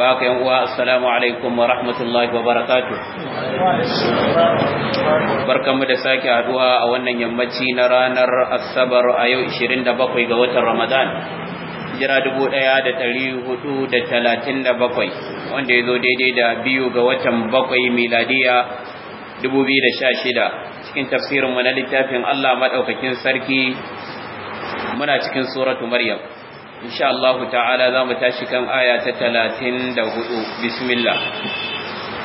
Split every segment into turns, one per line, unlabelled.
baka yan uwa assalamu alaikum wa rahmatullahi wa barakatuh barkamu da sake haduwa a wannan yammaci na ranar asabar a yau 27 ga watan ramadan jira 1437 wanda ya zo daidai da biyu ga watan bakwai miladiya 2016 cikin tafsirinmu na littafin Allah maɗaukakin sarki muna cikin suratu Maryam إن شاء الله تعالى ذا متاشكا آية ثلاثين دوهو بسم الله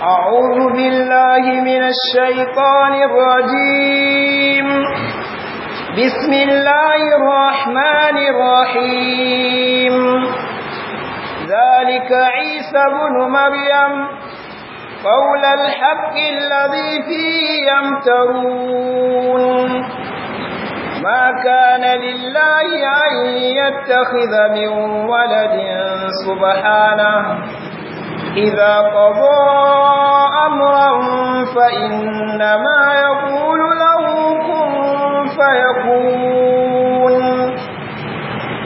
أعوذ بالله من الشيطان الرجيم بسم الله الرحمن الرحيم ذلك عيسى بن مريم قول الحق الذي فيه يمترون ما كان لله أن يتخذ من ولد سبحانه إذا قضى أمرا فإنما يقول له كن فيكون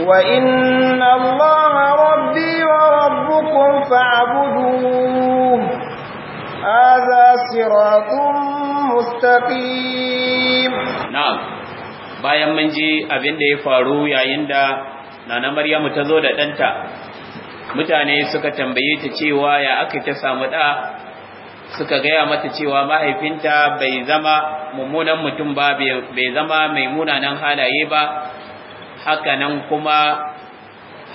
وإن الله ربي وربكم فاعبدوه هذا صراط مستقيم
نعم bayan mun ji abin da ya faru yayin da nana Maryamu ta zo da ɗanta mutane suka tambaye ta cewa ya aka ta samu ɗa suka gaya mata cewa mahaifinta bai zama mummunan mutum ba bai zama mai munanan halaye ba hakanan kuma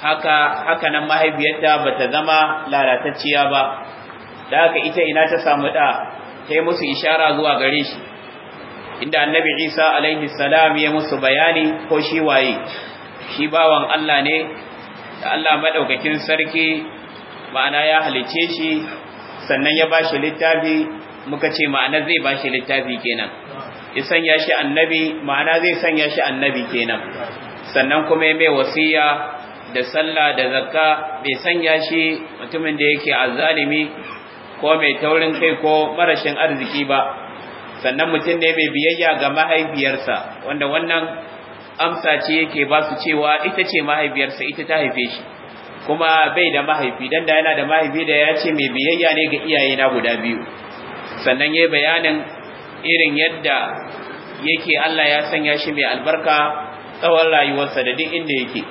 haka nan mahaifiyarta ta zama lalatacciya ba da haka ita ina ta samu ɗa ta yi musu ishara zuwa gare shi inda annabi Isa alaihi salam ya musu bayani ko shi waye shi bawan Allah ne da Allah madaukakin sarki ma'ana ya halice shi sannan ya bashi littafi muka ce ma'ana zai bashi littafi kenan ya sanya shi annabi ma'ana zai sanya shi annabi kenan sannan kuma ya mai wasiya da sallah da zakka bai sanya shi mutumin da yake azzalimi ko mai taurin kai ko marashin arziki ba sannan mutum ne mai biyayya ga mahaifiyarsa wanda wannan amsa ce yake ba su cewa ita ce mahaifiyarsa ita ta haife shi kuma bai da mahaifi dan da yana da mahaifi da ya ce mai biyayya ne ga iyaye na guda biyu sannan yayi bayanin irin yadda yake Allah ya sanya shi mai albarka tsawon rayuwarsa da duk inda yake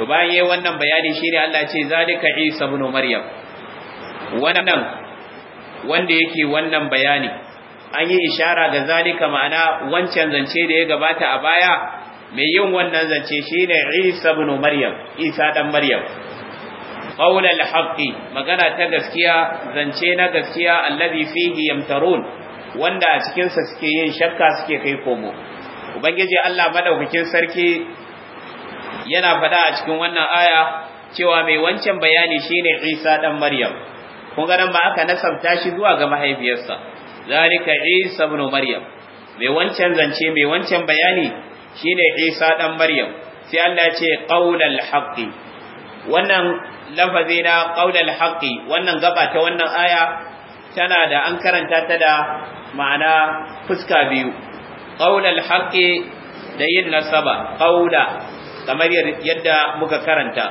to bayan yayi wannan bayani shine Allah ce zalika Isa ibn Maryam wannan wanda yake wannan bayani an yi ishara ga zalika ma'ana wancan zance da ya gabata a baya mai yin wannan zance shine Isa ibn Maryam Isa dan Maryam al haqqi magana ta gaskiya zance na gaskiya allazi fihi yamtarun wanda a cikin sa suke yin shakka suke kai komo ubangiji Allah madaukakin sarki yana faɗa a cikin wannan aya cewa mai wancan bayani shine Isa dan Maryam kun ga nan ba aka nasabta shi zuwa ga mahaifiyarsa zalika isa ibn maryam mai wancan zance mai wancan bayani shine isa dan maryam sai Allah ya ce qaulal haqqi wannan lafazi na qaulal haqqi wannan gaba ta wannan aya tana da an karanta ta da ma'ana fuska biyu qaulal haqqi da yin nasaba qaula kamar yadda muka karanta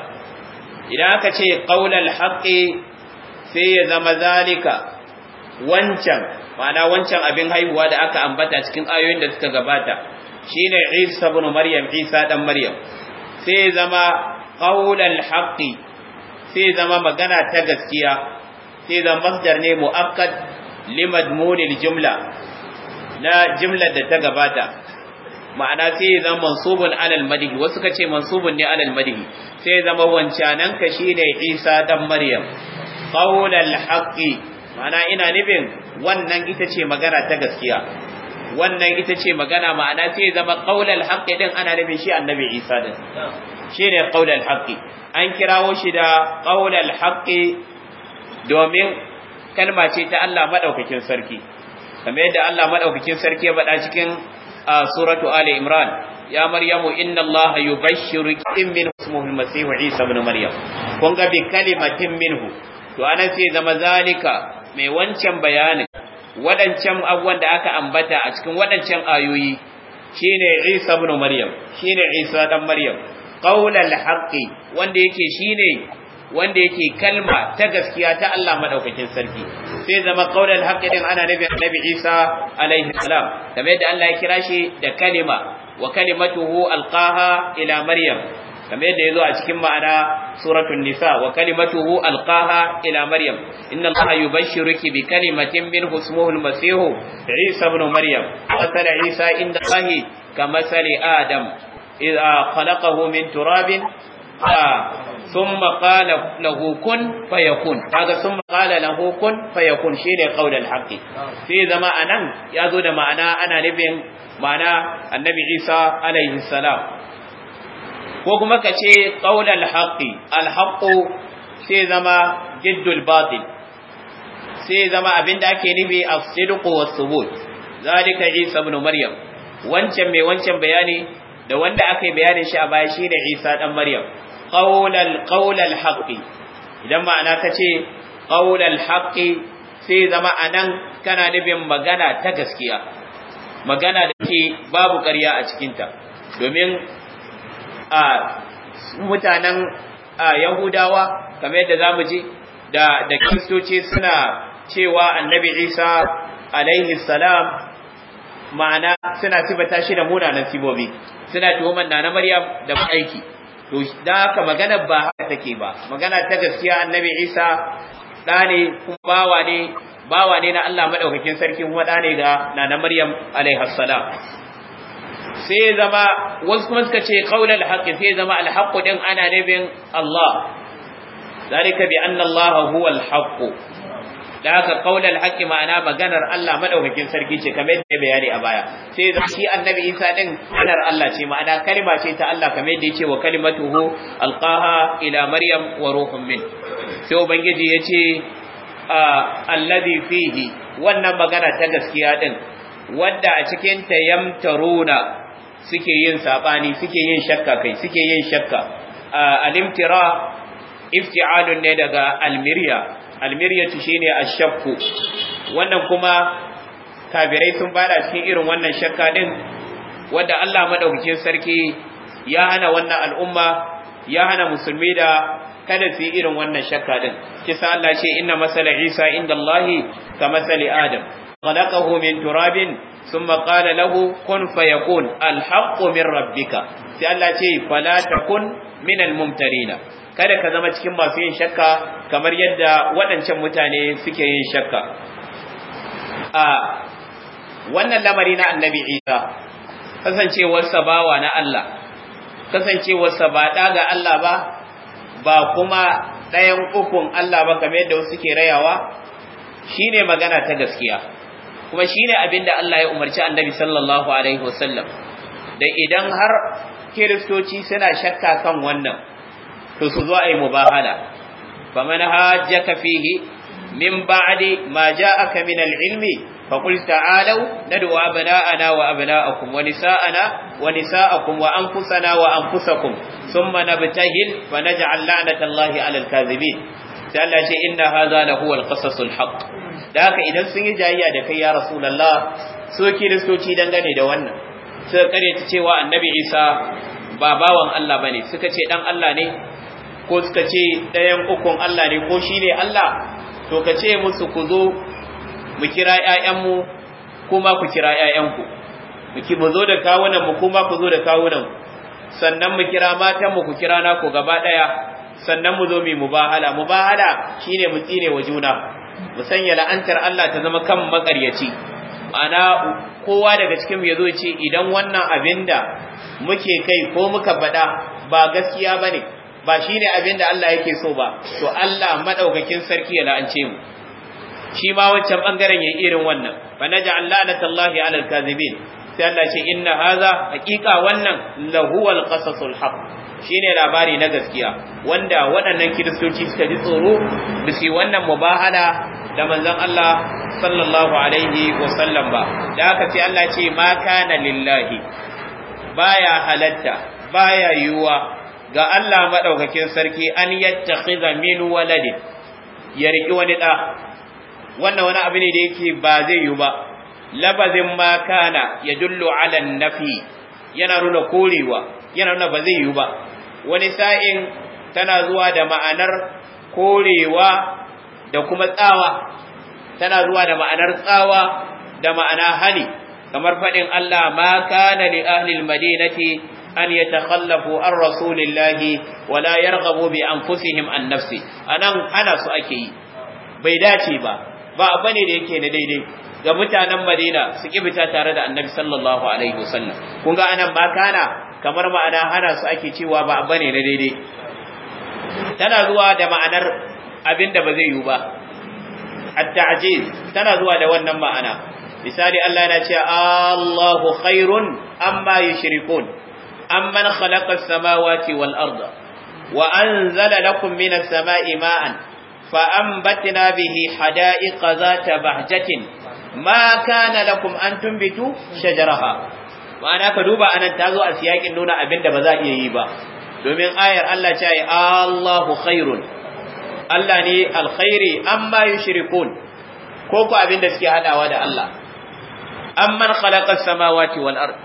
idan aka ce qaulal haqqi sai ya zama zalika wancan ma'ana wancan abin haihuwa da aka ambata cikin ayoyin da suka gabata shine Isa ibn Maryam Isa dan Maryam sai zama qaulal haqqi sai zama magana ta gaskiya sai zama masdar ne muakkad limadmunil jumla na jumlar da ta gabata ma'ana sai zama mansubun alal madhi wasu kace mansubun ne alal madhi sai zama wancanan ka shine Isa dan Maryam qaulal haqqi ma'ana ina nufin wannan ita ce magana ta gaskiya wannan ita ce magana ma'ana sai zama ƙaular haƙƙi din ana nufin shi annabi Isa Shi shine ƙaular haƙƙi. an kirawo shi da ƙaular haƙƙi domin kalma ce ta Allah madaukakin sarki kamar yadda Allah madaukakin sarki ya faɗa cikin suratu Ali Imran ya maryamu inna Allah yubashshiruki in min ismihi al Isa ibn Maryam kun ga bi kalimatin minhu to ana sai zama zalika mai wancan bayanin waɗancan abubuwan da aka ambata a cikin waɗancan ayoyi shine Isa ibn Maryam shine Isa dan Maryam qaulal haqqi wanda yake shine wanda yake kalma ta gaskiya ta Allah madaukakin sarki sai zama qaulal haqqi din ana nabi Isa alaihi salam kamar yadda Allah ya kira shi da kalima wa kalimatuhu alqaha ila Maryam kamar da ya zo a cikin ma'ana suratun nisa wa kalimatuhu alqaha ila maryam inna allaha yubashshiruki bi kalimatin min husmuhul masih isa ibn maryam wa sala isa inda allahi ka sali adam idha khalaqahu min turabin thumma qala lahu kun fayakun kaga thumma qala lahu kun fayakun shine qaulul haqqi sai zama a nan ya zo da ma'ana ana nufin ma'ana annabi isa alaihi salam ko kuma ka ce qaulal haqqi al sai zama jiddul batil sai zama abin abinda ake nufi as-sidqu was-subut zalika isa ibn maryam wancan mai wancan bayani da wanda aka yi bayanin shi a baya shi da isa dan maryam qaulal qaulal haqqi idan ma'ana ka ce qaulal haqqi sai zama a anan kana nufin magana ta gaskiya magana da ke babu ƙarya a cikinta domin a mutanen yahudawa kamar yadda za mu ji da kiristoci suna cewa annabi isa alaihi salam ma'ana suna sifata shi da munanan sibobi suna tuhumar na na maryam da aiki to da haka magana ba haka take ba magana ta gaskiya annabi isa ɗa kuma bawa ne bawa ne na allah maɗaukakin sarki kuma ɗa ne ga nana maryam alaihi salam sai zama wasu kuma suka ce qaulal haƙƙi. sai zama al ɗin ana nabin Allah zalika bi anna Allah huwa al da haka qaulal haƙƙi ma'ana maganar Allah madaukakin sarki ce kamar yadda bayani a baya sai zama shi annabi Isa din maganar Allah ce ma'ana kalma ce ta Allah kamar yadda ce wa kalimatuhu alqaha ila maryam wa ruhum min sai ubangiji ce, alladhi fihi wannan magana ta gaskiya din wadda a cikin ta yamtaruna suke yin sabani suke yin shakka kai suke yin shakka al-imtira ifti'alun ne daga almiriya almiriyatu shine shakku wannan kuma kafirai sun bada cikin irin wannan shakka din wanda Allah madaukakin sarki ya hana wannan al'umma ya hana musulmi da kada su yi irin wannan shakka din kisa Allah ce inna masala Isa inda Allah ka masali Adam خلقه من تراب ثم قال له كن فيكون الحق من ربك sai Allah ce fala takun min kada ka zama cikin masu yin shakka kamar yadda waɗancan mutane suke yin shakka a wannan lamari na annabi Isa kasancewarsa bawa na Allah kasancewarsa ba ɗa ga Allah ba ba kuma ɗayan ukun Allah ba kamar yadda wasu ke rayawa shine magana ta gaskiya kuma shine abin da Allah ya umarci annabi sallallahu alaihi wasallam da idan har kiristoci suna shakka kan wannan to su zo a yi mubahala faman hajjaka fihi min ba'di ma ja'aka min al-ilmi faqul ta'alu nad'u abna'ana wa abna'akum wa nisa'ana wa nisa'akum wa anfusana wa anfusakum thumma nabtahil fa naj'al la'natallahi 'alal kadhibin sai inna hadha lahu al-qasasul da haka idan sun yi jayayya da kai ya rasulullah so kiristoci dangane da wannan suka ta cewa annabi isa ba bawan Allah bane suka ce dan Allah ne ko suka ce ɗayan ukun Allah ne ko shi ne Allah to ka ce musu ku zo mu kira 'ya'yanmu kuma ku kira 'ya'yanku, mu zo da kawunan mu kuma ku zo da kawunan sannan mu kira matan ku kira naku gaba ɗaya, sannan mu zo mu mubahala mubahala shine mu tsine wa juna mu sanya la'antar Allah ta zama kan makaryaci ana kowa daga cikin ya zo ce idan wannan abin da muke kai ko muka faɗa ba gaskiya ba ne ba shi ne abin Allah yake so ba to Allah maɗaukakin sarki ya la'ance mu shi ma wancan ɓangaren ya irin wannan fa naja'al la'natallahi 'alal kadhibin sai Allah ce inna haza haƙiƙa wannan lahuwal qasasul haq shine labari na gaskiya wanda waɗannan kiristoci suka ji tsoro bisi wannan mubahala da manzon Allah sallallahu alaihi wa sallam ba da aka ce Allah ce ma kana lillahi baya halatta baya yiwuwa ga Allah maɗaukakin sarki an yattakhiza min waladin yarki wani da wannan wani abu ne da yake ba zai yi ba labazin ma kana dullo ala nafi yana nuna korewa yana nuna ba zai yi ba wani sa'in tana zuwa da ma'anar korewa da kuma tsawa tana zuwa da ma'anar tsawa da ma'ana hani kamar faɗin Allah ma kana li ahlil madinati an yatakhallafu an rasulillahi wa la an bi anfusihim an nafsi anan hana su ake yi bai dace ba ba bane da yake na daidai ga mutanen Madina su fita tare da Annabi sallallahu alaihi wasallam kun ga anan ba kana kamar ma'ana hana su ake cewa ba bane na daidai tana zuwa da ma'anar abin da ba zai yiwu ba at-ta'jiz tana zuwa da wannan ma'ana misali Allah yana cewa Allahu khairun amma yushrikun amman khalaqa as-samawati wal arda wa anzala lakum minas sama'i ma'an فأنبتنا به حدائق ذات bahjatin. ma kana lakum an tumbitu shajaraha ma'ana ka duba anan ta zo a siyakin nuna abin da ba za a iya yi ba domin ayar Allah ce ai Allahu khairun Allah ne alkhairi amma yushrikun ko ko abin da suke hadawa da Allah amman khalaqa samawati wal ard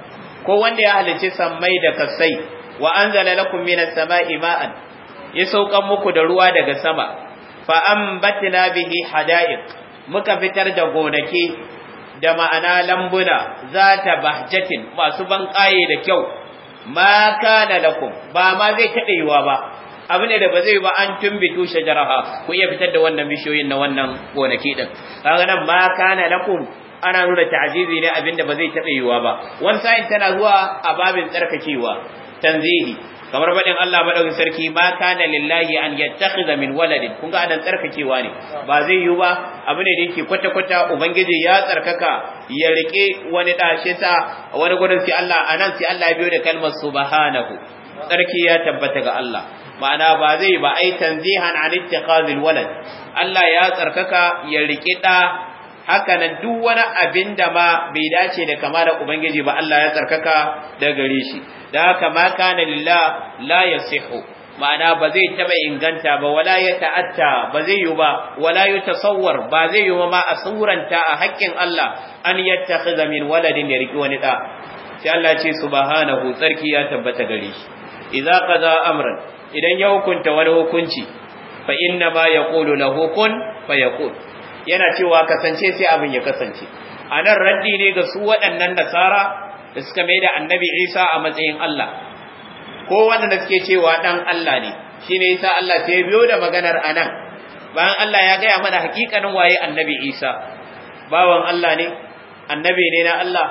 ko wanda ya halice sammai da kasai wa anzala lakum minas sama'i ma'an ya saukan muku da ruwa daga sama fa ambatna bihi hada'iq muka fitar da gonaki da ma'ana lambuna za ta bahjatin masu ban ƙaye da kyau ma kana lakum ba ma zai taɓa yiwa ba abu ne da ba zai ba an tumbitu shajaraha ku iya fitar da wannan bishiyoyin na wannan gonaki din kaga nan ma kana lakum ana nuna ta'azizi ne abinda ba zai taɓa yiwa ba wani sa'in tana zuwa a babin tsarkakewa tanzihi kamar baɗin Allah maɗaukin sarki ma kana lillahi an yattakhidha min waladin kun ga anan tsarkakewa ne ba zai yi ba abu ne da yake kwata kwata ubangiji ya tsarkaka ya rike wani dashe ta wani gurin sai Allah anan sai Allah ya biyo da kalmar subhanahu tsarki ya tabbata ga Allah ma'ana ba zai ba ai tanzihan an ittikhazil walad Allah ya tsarkaka ya rike da haka nan duk wani abin da ma bai dace da kama da ubangiji ba Allah ya tsarkaka da gare shi da haka ma kana lillah la yasihu ma'ana ba zai taba inganta ba wala ya ta'atta ba zai yi ba wala ya tasawwar ba zai yi ma a suranta a haƙƙin Allah an yattakhidha min waladin ya riki wani da sai Allah ce subhanahu tsarki ya tabbata gare shi idza qada amran idan ya hukunta wani hukunci fa inna ma yaqulu lahu kun fayakun yana cewa kasance sai abin ya kasance a nan raddi ne ga su waɗannan nasara da suka mai da annabi isa a matsayin allah ko waɗanda suke cewa ɗan allah ne shine isa allah sai biyo da maganar a nan bayan allah ya gaya mana hakikanin waye annabi isa bawan allah ne annabi ne na allah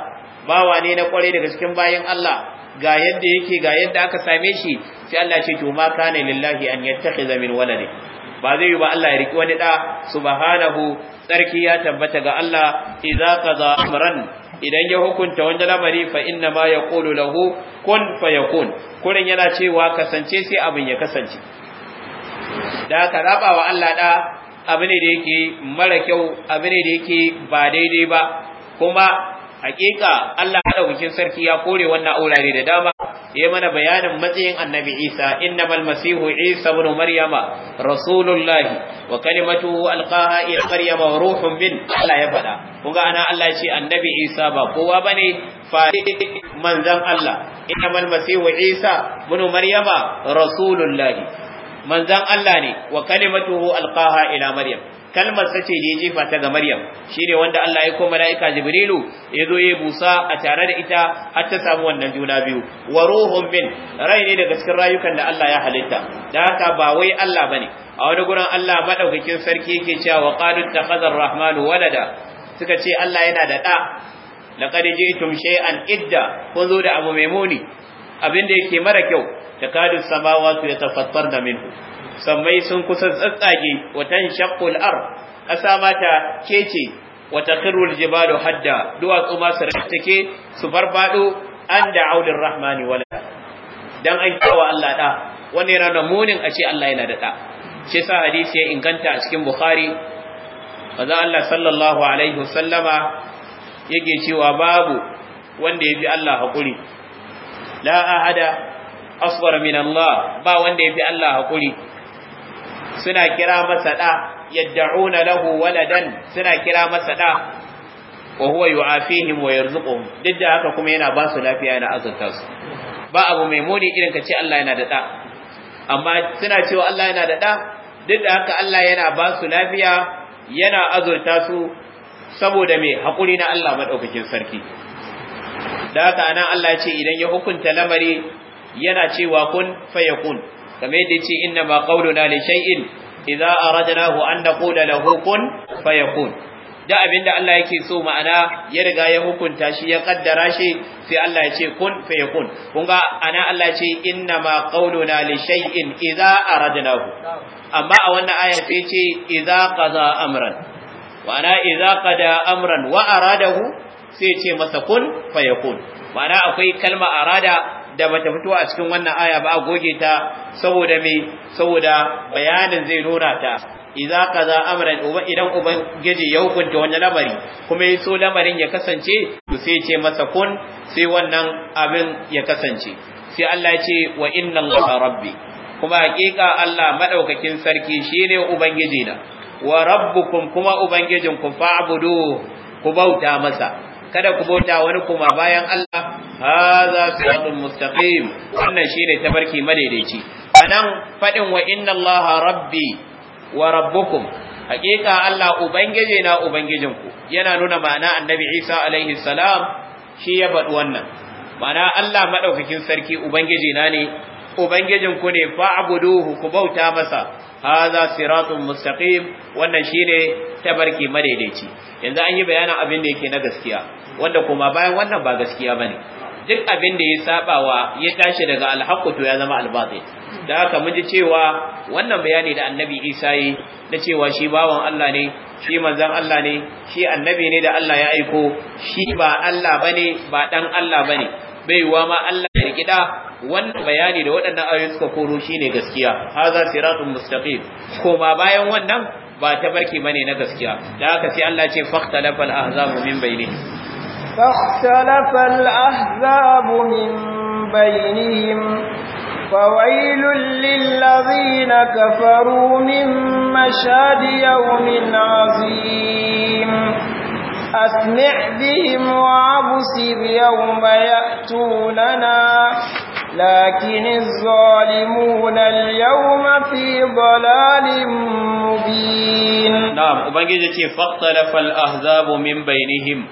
bawa ne na kwarai daga cikin bayan allah ga yadda yake ga yadda aka same shi sai allah ce to ma kana lillahi an yattakhiza min waladi ba zai yi ba Allah ya riki wani da subhanahu tsarki ya tabbata ga Allah idza qaza amran idan ya hukunta wani lamari fa inna ma yaqulu lahu kun fayakun kurin yana cewa kasance sai abin ya kasance da ka raba wa Allah da abu ne da yake mara kyau abu ne da yake ba daidai ba kuma hakika Allah bikin sarki ya kore wannan aurare da dama ya mana bayanin matsayin annabi isa innamal masihu isa ibn maryama rasulullahi. wa kalimatuhu alqaha ila maryama wa ruhun min Allah ya faɗa kunga ana Allah shi annabi isa ba kowa bane fa manzan Allah innamal masihu isa ibn maryama rasulullahi. manzan Allah ne wa kalimatuhu alqaha ila maryam kalmar sa ce ya jefa ta ga Maryam shine wanda Allah ya ko malaika Jibrilu ya zo ya busa a tare da ita har ta samu wannan juna biyu wa ruhum min rai ne daga cikin rayukan da Allah ya halitta da haka ba wai Allah bane a wani gurin Allah madaukakin sarki yake cewa wa qalu takhadha rahmanu walada suka ce Allah yana da da laqad ji'tum shay'an idda kun zo da abu mai muni abinda yake mara kyau takadu samawati yatafattarna minhu sammai sun kusa tsatsage watan shaqqul ar ƙasa mata kece wata khirul jibalu hadda duwatsu ma su take su barbado an da aulin rahmani wala dan an kawa Allah da wani yana munin a ce Allah yana da da shi sa hadisi ya inganta a cikin bukhari manzo Allah sallallahu alaihi wasallama yake cewa babu wanda ya fi Allah haƙuri, la ahada aswar min Allah ba wanda ya fi Allah haƙuri, suna kira masa da yadda'una lahu waladan suna kira masa da wa huwa yu'afihim wa yarzuquhum duk da haka kuma yana ba su lafiya yana azurta su ba abu mai muni irin ka ce Allah yana da da amma suna cewa Allah yana da da duk da haka Allah yana ba su lafiya yana azurta su saboda mai haƙuri na Allah madaukakin sarki da haka anan Allah ya ce idan ya hukunta lamari yana cewa kun fayakun kamar yadda yace inna ma qawluna li shay'in idza aradnahu an naqula lahu kun fayakun da abinda Allah yake so ma'ana ya riga ya hukunta shi ya kaddara shi sai Allah ya ce kun fayakun kun ga ana Allah ya ce inna ma qawluna li shay'in idza aradnahu amma a wannan aya sai ce idza qaza amran wa ana idza qada amran wa aradahu sai ce masa kun fayakun ma'ana akwai kalma arada da bata fito a cikin wannan aya ba a goge ta saboda me saboda bayanin zai nuna ta idza kaza amran idan ubangiji ya hukunta wani lamari kuma ya so lamarin ya kasance to sai ce masa kun sai wannan abin ya kasance sai Allah ya ce wa inna allaha rabbi kuma hakika Allah madaukakin sarki shine ubangiji na wa rabbukum kuma ku fa'budu ku bauta masa kada ku bauta wani kuma bayan Allah hadha siratun mustaqim wannan shine tabarki madaidaici anan fadin wa inna allaha rabbi wa rabbukum hakika Allah ubangije na ubangijinku yana nuna ma'ana annabi Isa alaihi salam shi ya faɗi wannan ma'ana Allah madaukakin sarki ubangije na ne ubangijinku ne fa'buduhu ku bauta masa hadha siratun mustaqim wannan shine tabarki madaidaici yanzu an yi bayanin abin da yake na gaskiya wanda kuma bayan wannan ba gaskiya bane duk abin da ya wa ya tashi daga alhaqqu to ya zama albatil da haka mun ji cewa wannan bayani da annabi Isa yi na cewa shi bawan Allah ne shi manzon Allah ne shi annabi ne da Allah ya aiko shi ba Allah bane ba dan Allah bane baiwa ma Allah ya rikida wannan bayani da waɗannan ayoyi suka koro shine gaskiya haza siratul mustaqim koma bayan wannan ba ta barki bane na gaskiya da haka sai Allah ce faqtalafal ahzabu min bainihim
فاختلف الأحزاب من بينهم فويل للذين كفروا من مشهد يوم عظيم أسمع بهم وعبصر يوم يأتوننا لكن الظالمون اليوم في ضلال مبين
نعم وبنجي تي فاختلف الأحزاب من بينهم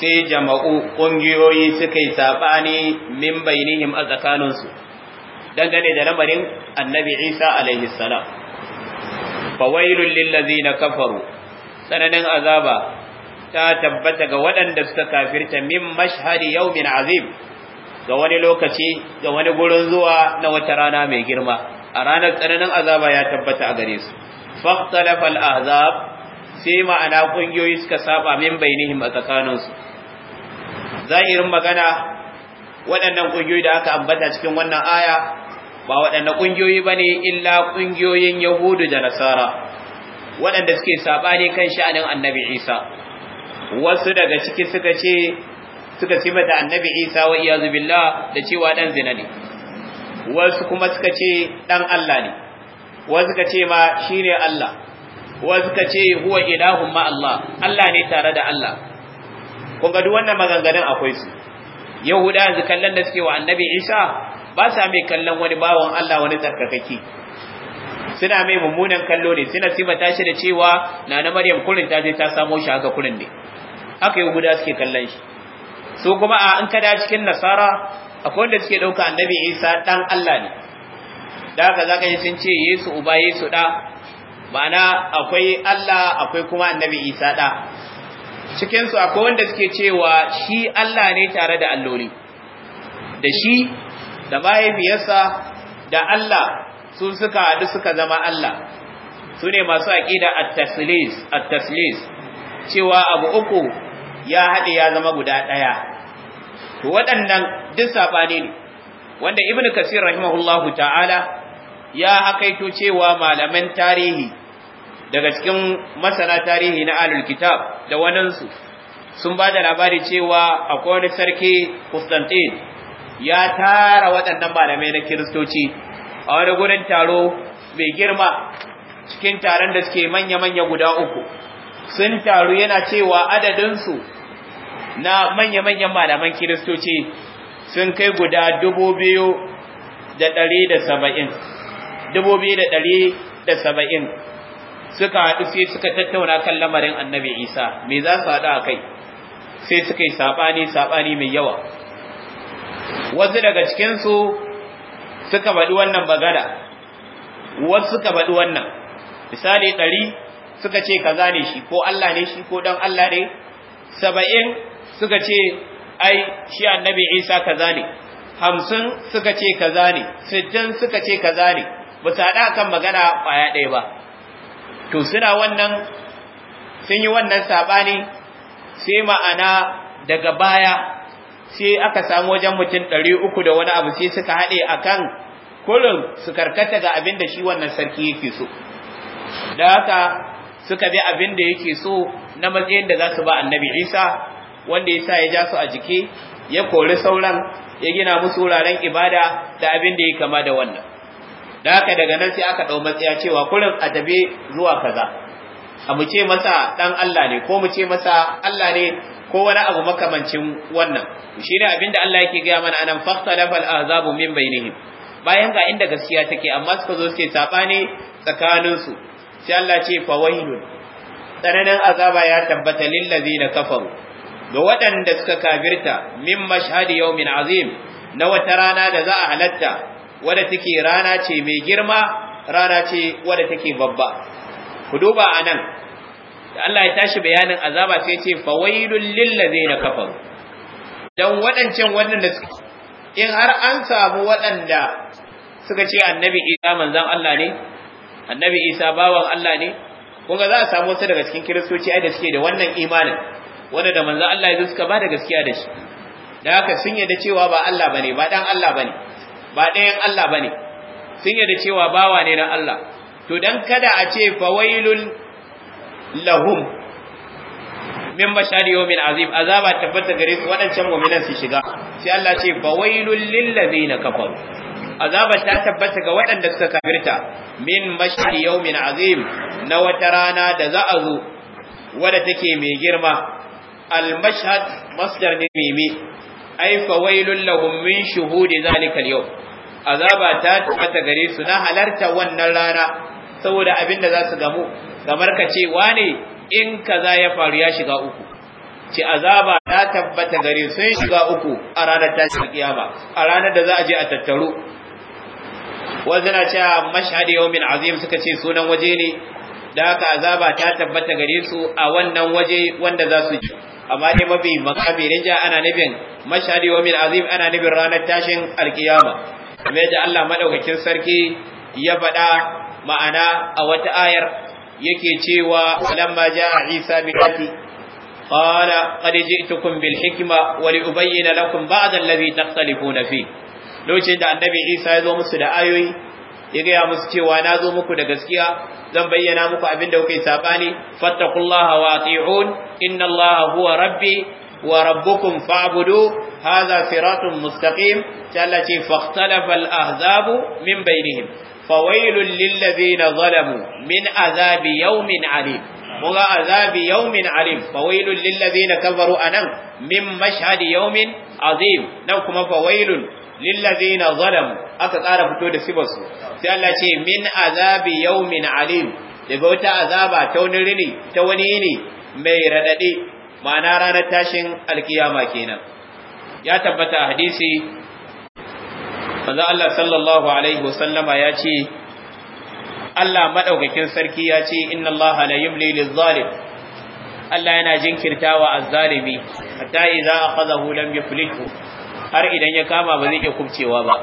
sai jama'u ƙungiyoyi suka yi saɓani min bainihim a tsakaninsu dangane da lamarin annabi isa alaihi salam fawailun lillazina kafaru tsananin azaba ta tabbata ga waɗanda suka kafirta min mashhadi min azim ga wani lokaci ga wani gurin zuwa na wata rana mai girma a ranar tsananin azaba ya tabbata a gare su fahtalafa al-ahzab sai ma'ana ƙungiyoyi suka saba min bainihim a tsakaninsu zahirin magana waɗannan ƙungiyoyi da aka ambata cikin wannan aya ba waɗannan ƙungiyoyi ba ne illa ƙungiyoyin yahudu da nasara waɗanda suke saɓani kan sha'anin annabi isa wasu daga ciki suka ce suka sifata annabi isa wa iyazu billah da cewa ɗan zina ne wasu kuma suka ce ɗan allah ne wasu suka ce ma shi ne allah wasu suka ce huwa ilahun ma allah allah ne tare da allah kun ga duk wannan maganganun akwai su yahuda yanzu kallon da suke wa annabi isa ba sa mai kallon wani bawan allah wani tsarkakaki suna mai mummunan kallo ne suna ta tashi da cewa na na maryam kurin ta je ta samo shi haka kurin ne haka yahuda suke kallon shi su kuma a an kada cikin nasara akwai wanda suke ɗauka annabi isa ɗan allah ne da haka za ka sun ce yesu uba yesu ɗa ma'ana akwai allah akwai kuma annabi isa ɗa cikinsu akwai wanda suke cewa shi Allah ne tare da alloli da shi da mahaifiyarsa da Allah su suka haɗu suka zama Allah su ne masu aƙida at-taslis cewa abu uku ya haɗe ya zama guda ɗaya to waɗannan duk saɓani ne wanda ibnu kasir rahimahullahu ta'ala ya hakaito cewa malaman tarihi daga cikin masana tarihi na alul kitab da wanansu sun ba da labari cewa akwai wani sarki Constantine ya tara waɗannan malamai na kiristoci a wani gurin taro mai girma cikin taron da suke manya-manya guda uku sun taru yana cewa adadinsu na manya-manyan malaman kiristoci sun kai guda dubu biyu da dari dubu biyu da ɗari da saba'in suka haɗu sai suka tattauna kan lamarin annabi isa me za su haɗu a kai sai suka yi saɓani saɓani mai yawa wasu daga cikinsu suka baɗi wannan bagada wasu suka baɗi wannan misali ɗari suka ce kaza ne shi ko Allah ne shi ko dan Allah ne saba'in suka ce ai shi annabi isa kaza ne hamsin suka ce kaza ne sittin suka ce kaza ne ba su haɗa kan magana ƙwaya ɗaya ba to suna wannan sun yi wannan saɓani sai ma'ana daga baya sai aka samu wajen mutum ɗari uku da wani abu sai suka haɗe a kan kurin su karkata ga abin da shi wannan sarki yake so da haka suka bi abin da yake so na matsayin da za su ba annabi isa wanda ya sa ya ja su a jiki ya kori sauran ya gina musu wuraren ibada da abin da ya kama da wannan da haka daga nan sai aka ɗau matsaya cewa kurin a zuwa kaza a mu ce masa ɗan Allah ne ko mu ce masa Allah ne ko wani abu makamancin wannan shi ne abin da Allah yake gaya mana anan fakhtalafal azabu min bainihim bayan ga inda gaskiya take amma suka zo suke saɓani tsakanin su sai Allah ce fa wailun tsananin azaba ya tabbata lil ladina kafaru ga waɗanda suka kafirta min mashhadi yawmin azim na wata rana da za a halatta wadda take rana ce mai girma rana ce wadda take babba ku duba anan da Allah ya tashi bayanin azaba sai ce fawailul lil ladina kafaru dan wadancan wadanda suka in har an samu
wadanda
suka ce annabi Isa manzon Allah ne annabi Isa bawan Allah ne kun ga za a samu wasu daga cikin kiristoci ai da suke da wannan imanin wanda da manzon Allah ya zo suka ba da gaskiya da shi da haka sun yarda cewa ba Allah bane ba dan Allah bane ba ɗayan Allah ba ne. sun yarda cewa bawa ne na Allah to don kada a ce fawailul lahum min bashari yawmin azim azaba tabbata gare su waɗancan mu'minan su shiga sai Allah ce fawailul lil ladina kafaru azaba ta tabbata ga waɗanda suka kafirta min bashari yawmin azim na wata rana da za a zo wadda take mai girma al mashhad masdar ne mimi ai fawailul lahum min shuhudi zalika al yawm azaba ta tabbata gare su na halarta wannan rana saboda abin da za su gamu kamar ka ce wane in kaza ya faru ya shiga uku ce azaba ta tabbata gare sun shiga uku a ranar tashin kiyama a ranar da za a je a tattaru wanda na cewa yawmin azim suka ce sunan waje ne da haka azaba ta tabbata gare su a wannan waje wanda za su ji amma dai mafi makabirin ja ana nufin mashhadi yawmin azim ana nufin ranar tashin alkiyama kamar da Allah madaukakin sarki ya faɗa ma'ana a wata ayar yake cewa lamma a Isa bi qati qala qad ji'tukum bil hikma wa li ubayyana lakum ba'da alladhi takhtalifuna fi lokacin da annabi Isa ya zo musu da ayoyi ya gaya musu cewa na zo muku da gaskiya zan bayyana muku abin da kuke sabani fattakullaha wa ati'un inna allaha huwa rabbi wa rabbukum fa'budu hadha siratun mustaqim tallati fahtalafa al-ahzabu min bainihim fawailul lil ladina zalamu min azabi yawmin alim muga azabi yawmin alim fawailul lil ladina kafaru anan min mashhadi yawmin azim nan kuma fawailul lil na zalamu aka tsara fito da sibarsu sai ce min azabi yawmin alim daga wata azaba ta wani rini mai radade ma'ana ranar tashin alkiyama kenan ya tabbata a hadisi manzo Allah sallallahu alaihi wasallama ya ce Allah madaukakin sarki ya ce inna Allah la yumli lizzalim Allah yana jinkirtawa azzalimi hatta idza akhadahu lam yuflihu har idan ya kama ba zai iya kubcewa ba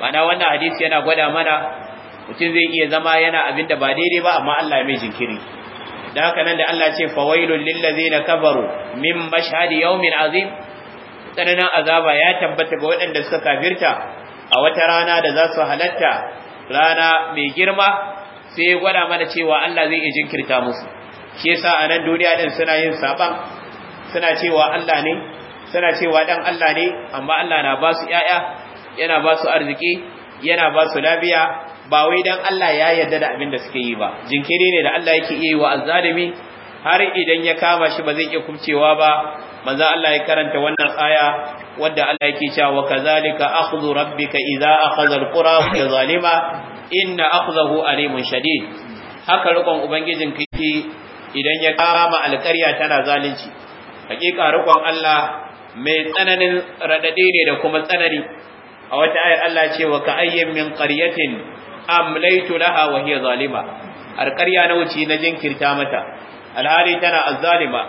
ma'ana wannan hadisi yana gwada mana mutum zai iya zama yana abinda ba daidai ba amma Allah mai jinkiri da haka nan da Allah ce fawailul lil ladzina kafaru min mashhadi yawmin azim tsananin azaba ya tabbata ga waɗanda suka kafirta a wata rana da za su halatta rana mai girma sai ya gwada mana cewa Allah zai iya jinkirta musu shi yasa a nan duniya din suna yin saban suna cewa Allah ne suna cewa dan Allah ne amma Allah na ba su yaya yana ba su arziki yana ba su lafiya ba wai dan Allah ya yarda da abin da suke yi ba jinkiri ne da Allah yake iya yi wa azzalimi har idan ya kama shi ba zai iya kumcewa ba manzo Allah ya karanta wannan aya wadda Allah yake cewa wa kazalika akhdhu rabbika idza akhadha alqura wa zalima inna akhdahu alimun shadid haka rukun ubangijin kiki idan ya kama alƙarya tana zalunci hakika rukun Allah mai tsananin radade ne da kuma tsanani a wata ayar Allah ce wa ka'ayyin min qaryatin amlaitu laha wa hiya zalima alƙarya na wuce na jinkirta mata alhali tana azzalima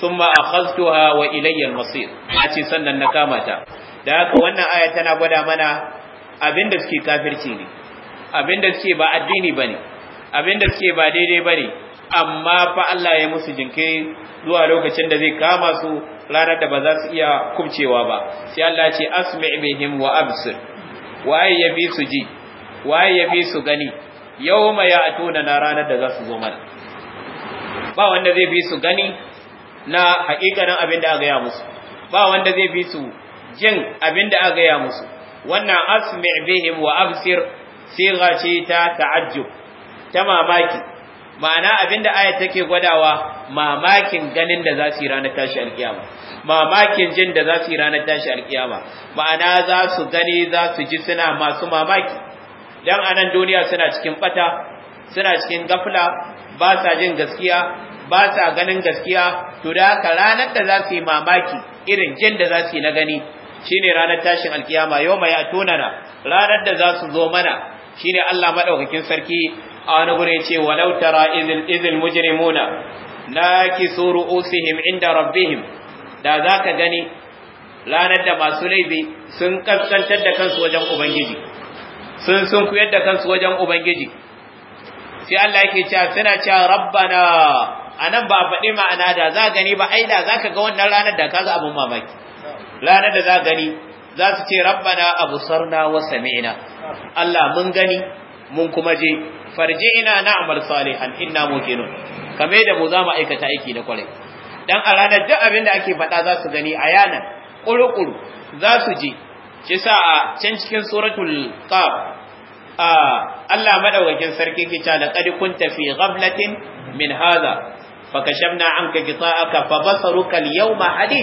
thumma akhadhtuha wa ilayya almasir ace sannan na kama ta da haka wannan aya tana gwada mana abinda suke kafirci ne abinda suke ba addini bane abinda suke ba daidai bane amma fa Allah ya musu jinkiri zuwa lokacin da zai kama su ranar da ba za su iya kubcewa ba sai Allah ce asmi' bihim wa absir waye ya bi su ji waye ya fi su gani yawma ma ya atuna na ranar da za su zo mana ba wanda zai fi su gani na haƙiƙanin abin da aka musu ba wanda zai fi su jin abin da aka musu wannan asmi' bihim wa absir sigha ce ta ta'ajjub ta mamaki ma'ana abin da ayat take gwadawa mamakin ganin da za su yi ranar tashi alkiyama mamakin jin da za su yi ranar tashi alkiyama ma'ana za su gani za su ji suna masu mamaki dan anan duniya suna cikin bata suna cikin gafla ba sa jin gaskiya ba sa ganin gaskiya to da ka ranar da za su yi mamaki irin jin da za su yi na gani shine ranar tashin alkiyama yau mai na ranar da za su zo mana shine Allah madaukakin sarki a wani gure ce walau tara izil izil mujrimuna nakisu ru'usihim inda rabbihim da za ka gani ranar da masu laifi sun kaskantar da kansu wajen ubangiji sun sun kuyar da kansu wajen ubangiji sai Allah yake cewa suna cewa rabbana anan ba faɗi ma'ana da za gani ba ai da zaka ga wannan ranar da kaga abun mamaki ranar da za gani za su ce rabbana abusarna wa sami'na Allah mun gani mun kuma je ina na amal salihan inna muqinun kame da mu za mu aikata aiki da kwarai dan a ranar duk abin da ake faɗa za su gani a yanar ƙuruƙuru za su je shi sa a can cikin suratul qaf Ah, Allah madaukakin sarki ke cewa laqad kunta fi ghaflatin min hadha fakashamna anka qita'aka fa basaruka al-yawma hadid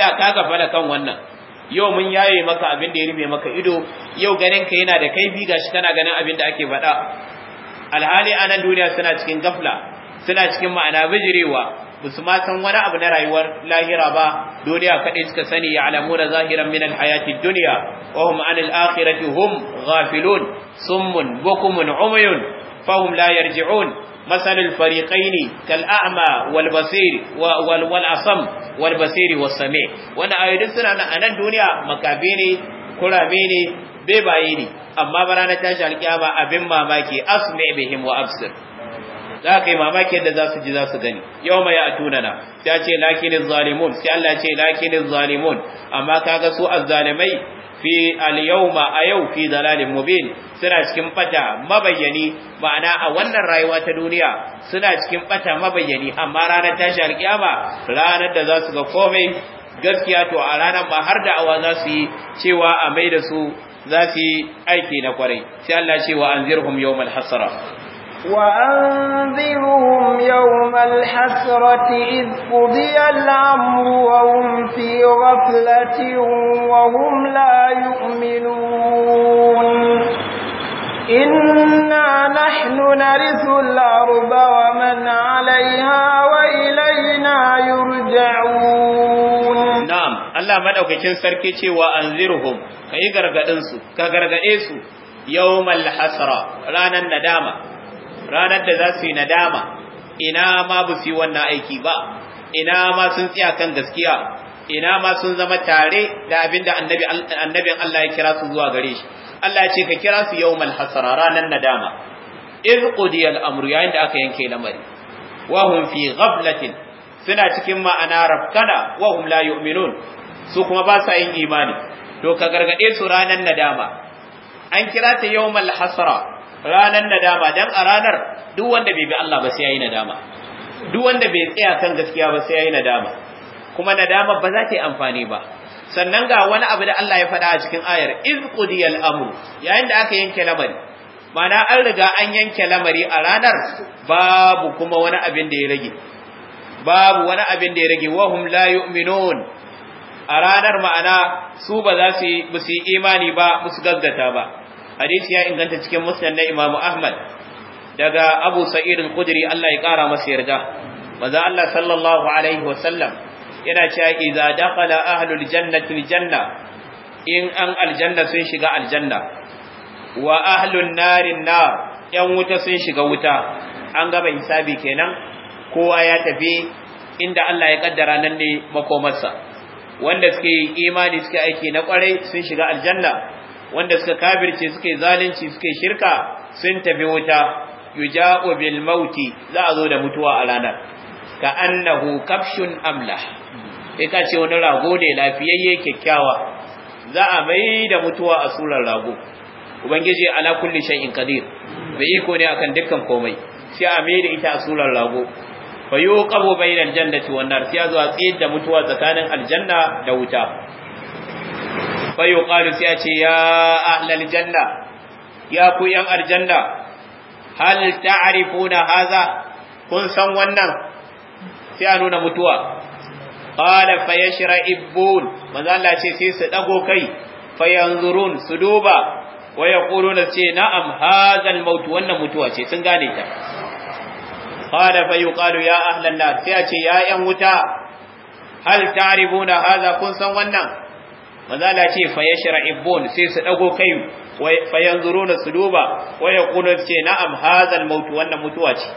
da kaga fara kan wannan yau mun yaye maka abin da ya rufe maka ido yau ganin ka yana da kai bi gashi kana ganin abin da ake faɗa alhali anan duniya suna cikin gafla suna cikin ma'ana bijirewa ba su ma san wani abu na rayuwar lahira ba duniya kaɗai suka sani ya alamu da zahiran min alhayati duniya wa hum an al-akhirati hum ghafilun summun bukumun umyun fahum la yarji'un مثل الفريقين كالأعمى والبصير والأصم والبصير والسميع وانا آيات سنة أنا الدنيا مكابيني كراميني بيبايني أما برانا تاج القيامة أبما ماكي أسمع بهم وأبصر za ka yi mamaki yadda za su ji za su gani yau mai atunana ta ce lakinin zalimun sai Allah ce lakinin zalimun amma kaga su azzalimai fi al-yawma a yau fi dalalin mubin suna cikin fata mabayyani ma'ana a wannan rayuwa ta duniya suna cikin fata mabayyani amma ranar tashi alkiyama ranar da za su ga komai gaskiya to a ranar ba har da awa za su yi cewa a mai da su za su yi aiki na kwarai sai Allah ce wa anzirhum yawmal hasara
وأنذرهم يوم الحسرة إذ قضي الأمر وهم في غفلة وهم لا يؤمنون
إنا
نحن نرث الأرض ومن عليها وإلينا يرجعون
نعم الله مدعوكين سركي وأنذرهم كي غرغدنسو كغرغدنسو يوم الحسرة رانا ندامة ranar da za su yi nadama ina ma ba su yi wannan aiki ba ina ma sun tsaya kan gaskiya ina ma sun zama tare da abinda annabi annabin Allah ya kira su zuwa gare shi Allah ya ce ka kira su yawmal hasara ranar nadama iz qudiya al-amru yayin da aka yanke lamari wa hum fi ghaflatin suna cikin ma'ana rafkana wa hum la yu'minun su kuma ba sa yin imani to ka gargade su ranar nadama an kira ta yawmal hasara ranar nadama dan a ranar duk wanda bai bi Allah ba sai yayi nadama duk wanda bai tsaya kan gaskiya ba sai yayi nadama kuma nadama ba za ta yi amfani ba sannan ga wani abu da Allah ya faɗa a cikin ayar iz qudiyal amru yayin da aka yanke lamari mana an riga an yanke lamari a ranar babu kuma wani abin da ya rage babu wani abin da ya rage wahum la yu'minun a ranar ma'ana su ba za su yi imani ba musu gaggata ba hadisi ya inganta cikin musnad na Imam Ahmad daga Abu Sa'id al-Khudri Allah ya kara masa yarda Maza Allah sallallahu alaihi wasallam yana cewa idza dakhala ahlul jannati al-janna in an aljanna sun shiga aljanna wa ahlun narin nar yan wuta sun shiga wuta an gaba hisabi kenan kowa ya tafi inda Allah ya kaddara nan ne makomarsa wanda suke imani suke aiki na kwarai sun shiga aljanna wanda suka kabirce suka yi zalunci suka yi shirka sun tafi wuta yuja'u bil mauti za a zo da mutuwa a ranar ka annahu kafshun amla sai ka ce wani rago ne lafiyayye kyakkyawa za a mai da mutuwa a suran rago ubangiji ala kulli shay'in qadir bai iko ne akan dukkan komai sai a mai da ita a suran rago fa yuqabu bainal jannati wan nar sai a zo a tsiyar da mutuwa tsakanin aljanna da wuta fa yuqalu sai a ce ya ahlal janna ya ku yan aljanna hal ta'rifuna haza, kun san wannan sai a nuna mutuwa qala fa yashra'ibun manzo Allah ce sai su dago kai fa yanzurun su duba wa yaquluna ce na'am hadha al-maut wannan mutuwa ce sun gane ta qala fa yuqalu ya ahlan nar sai a ce ya yan wuta hal ta'rifuna haza, kun san wannan manzala ce fa yashra'ibun sai su dago kai fa na su duba wa yaqulu ce na'am hadha al-maut wannan mutuwa ce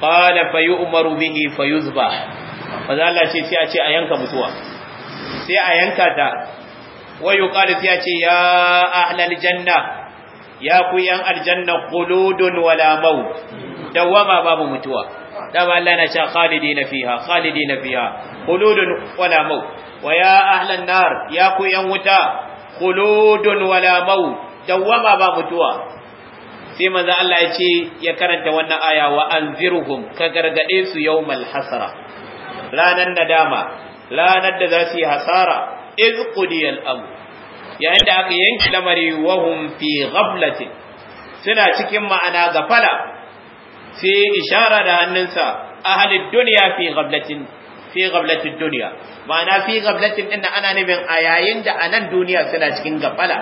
qala fa yu'maru bihi fa yuzba manzala ce sai a ce a yanka mutuwa sai a yanka ta wa yuqalu sai a ce ya ahlal janna ya ku yan aljanna quludun wala maut dawama babu mutuwa dama Allah na sha khalidina fiha khalidina fiha quludun wala maut wa ya ahlan nar ya ku yan wuta khuludun wala maut dawama ba mutuwa sai manzo Allah ya ce ya karanta wannan aya wa anzirhum ka gargade su yawmal hasara ranan nadama ranar da za su yi hasara iz qudiyal amr yayin da aka yanki lamari wa hum fi ghaflatin suna cikin ma'ana gafala sai ishara da hannunsa ahalid dunya fi ghaflatin fi gablatin duniya ma'ana fi gablatin din ana nufin a yayin da a nan duniya suna cikin gabala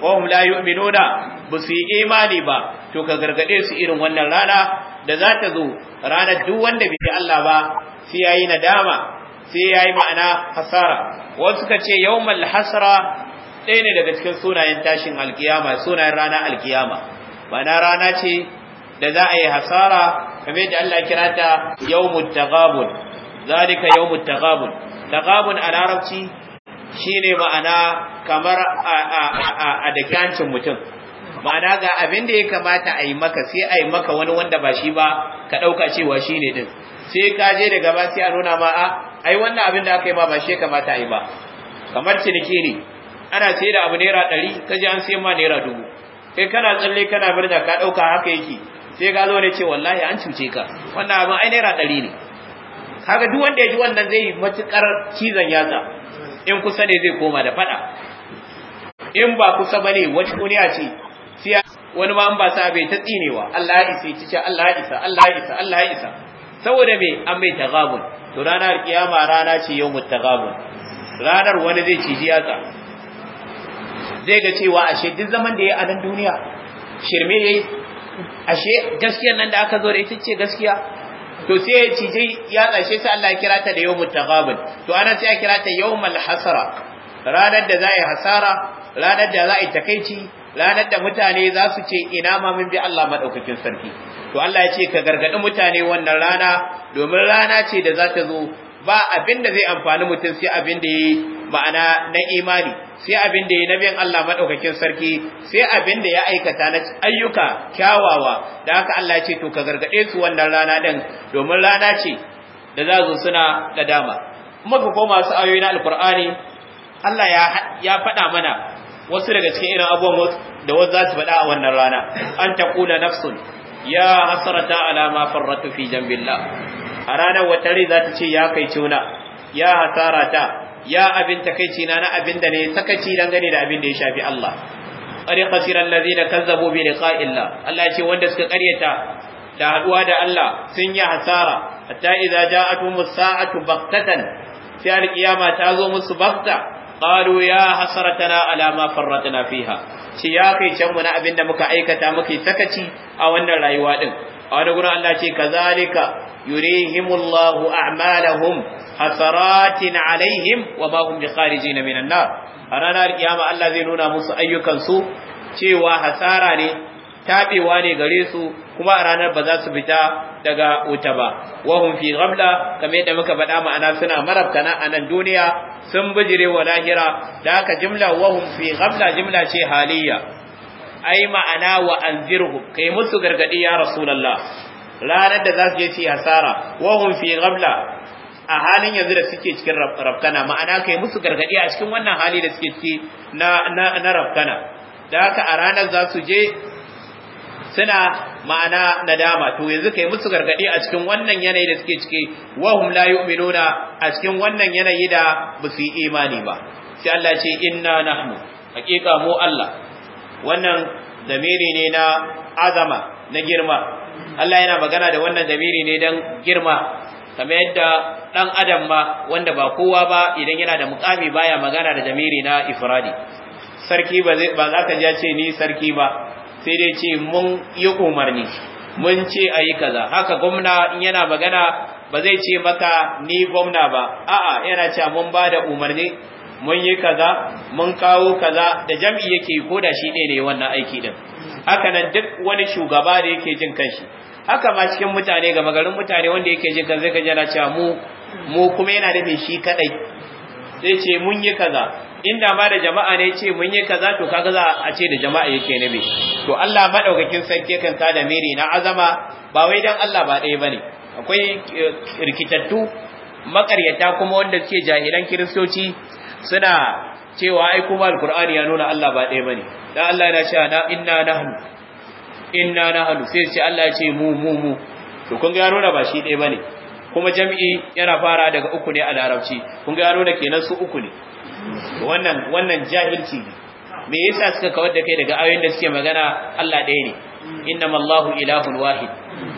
wa hum la yu'minuna ba su yi imani ba to ka gargade su irin wannan rana da za ta zo ranar duk wanda bai Allah ba sai yayi nadama sai yayi ma'ana hasara wasu suka ce yawmal hasra ɗaya ne daga cikin sunayen tashin alkiyama sunayen rana alkiyama ma'ana rana ce da za a yi hasara kamar da Allah kira ta yawmut taghabun zalika yawmut taghabun taghabun a larabci shine ma'ana kamar a dakancin mutum ma'ana ga abin da ya kamata a yi maka sai a yi maka wani wanda ba shi ba ka ɗauka cewa shi ne ɗin sai ka je daga ba sai a nuna ma a ah, ai wannan abin da aka yi ma ba shi ya kamata a yi ba kamar ciniki ne ana sai da abu naira ɗari ka ji an sai ma naira dubu sai kana tsalle kana murna ka ɗauka haka yake sai ka zo ne ce wallahi an cuce ka wannan abin ai naira ɗari ne kaga duk wanda ya ji wannan zai matukar cizon yatsa in kusa ne zai koma da fada in ba kusa bane wata kuniya ce siya wani ma an ba sa bai ta tsinewa Allah ya isa ci Allah ya isa Allah ya isa Allah ya isa saboda me an mai tagabun to ranar kiyama rana ce yau mutagabun ranar wani zai ciji yatsa zai ga cewa ashe duk zaman da ya a nan duniya shirme yayi ashe gaskiyar nan da aka zo da ita ce gaskiya to sai ya cije ya tsashe sai Allah ya kira ta da yawmul taghabun to ana sai ya kira ta yawmul hasara ranar da za a yi hasara ranar da za a yi takaici ranar da mutane za su ce ina ma mun bi Allah madaukakin sarki to Allah ya ce ka gargadi mutane wannan rana domin rana ce da za ta zo ba abin da zai amfani mutum sai abin da ya ma'ana na imani sai abin da ya na biyan Allah madaukakin sarki sai abin da ya aikata na ayyuka kyawawa da haka Allah ya ce to ka gargade su wannan rana din domin rana ce da za su suna da dama ka koma su ayoyi na alqur'ani Allah ya ya faɗa mana wasu daga cikin irin abubuwan da wasu za su faɗa a wannan rana an taqula nafsun ya hasrata ala ma farratu fi jambillah a ranar wata rai za ta ce ya kai ciuna ya hasarata ya abin takaici na na abin da ne sakaci dangane da abin da ya shafi Allah qad khasira allazina kazzabu bi liqa'illah Allah ce wanda suka karyata da haɗuwa da Allah sun yi hasara hatta idza ja'atuhum as-sa'atu baghtatan sai al-qiyama ta zo musu bakta. Ƙado ya hasratana ala ma farratna fiha ce ya kai can mu na abin da muka aikata muke sakaci a wannan rayuwa ɗin. a wani gurin Allah ce kazalika يريهم الله أعمالهم حسرات عليهم وما هم بخارجين من النار أرانا القيامة الذي نونا موسى أيكا سوء شيوا حساراني taɓewa ne gare su kuma a ranar ba za su fita daga wuta ba wahum fi ghamla kamar yadda muka faɗa ma'ana suna marabtana a duniya sun bijire wa lahira da haka jimla wahum fi ghamla jimla ce haliyya ai ma'ana wa kai musu gargadi ya rasulullah ranar da za su je su hasara wa fi gabla a halin yanzu da suke cikin rafkana ma'ana kai musu gargadi a cikin wannan hali da suke ciki na na na rafkana da haka a ranar za su je suna ma'ana nadama to yanzu kai musu gargadi a cikin wannan yanayi da suke ciki wa hum la yu'minuna a cikin wannan yanayi da ba su imani ba sai Allah ce inna nahnu hakika mu Allah wannan damiri ne na azama na girma Allah yana magana da wannan damiri ne dan girma kamar yadda dan adam ma wanda ba kowa ba idan yana da mukami baya magana da damiri na ifradi sarki ba za ka ja ce ni sarki ba sai dai ce mun yi umarni mun ce ayi kaza haka gwamna in yana magana ba zai ce maka ni gwamna ba a'a yana cewa mun ba da umarni mun yi kaza mun kawo kaza da jam'i yake ko da shi ne wannan aiki din haka nan duk wani shugaba da yake jin kanshi haka ma cikin mutane ga magarin mutane wanda yake jin kan zai kaji yana cewa mu mu kuma yana nufin shi kadai sai ce mun yi kaza inda ma da jama'a ne ce mun yi kaza to kaga za a ce da jama'a yake nabi to Allah madaukakin sarki kan ta da miri na azama ba wai dan Allah ba ɗaya bane akwai eh, rikitattu makaryata kuma wanda suke jahilan kiristoci suna cewa ai kuma alqur'ani ya nuna Allah ba ɗaya bane dan Allah yana cewa na inna nahnu inna nahnu sai ce Allah ya ce mu mu mu to kun ga ya nuna ba shi ɗaya bane kuma jam'i yana fara daga uku ne a larabci kun ga nuna kenan su uku ne wannan wannan jahilci ne me yasa suka kawar da kai daga ayoyin da suke magana Allah ɗaya ne innamallahu ilahun wahid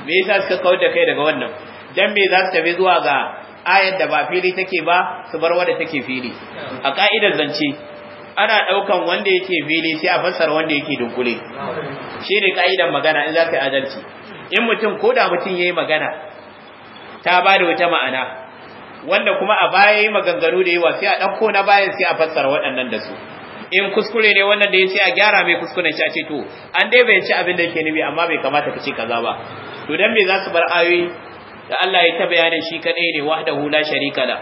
me yasa suka kawar da kai daga wannan dan me za su tafi zuwa ga ayar da ba fili take ba su bar wadda take fili a ka'idar zance ana daukan wanda yake fili sai a fassara wanda yake dunkule shine ka'idar magana in za ka yi adalci in mutum ko da mutum yi magana ta ba da wata ma'ana wanda kuma a baya yi maganganu da yawa sai a ɗauko na bayan sai a fassara waɗannan da su in kuskure ne wannan da ya ce a gyara mai kuskuren shi a ce to an dai bai ci abin da yake nufi amma bai kamata ka ce kaza ba to dan me za su bar ayoyi da Allah ya ta bayanin shi kadai ne wahdahu la sharika la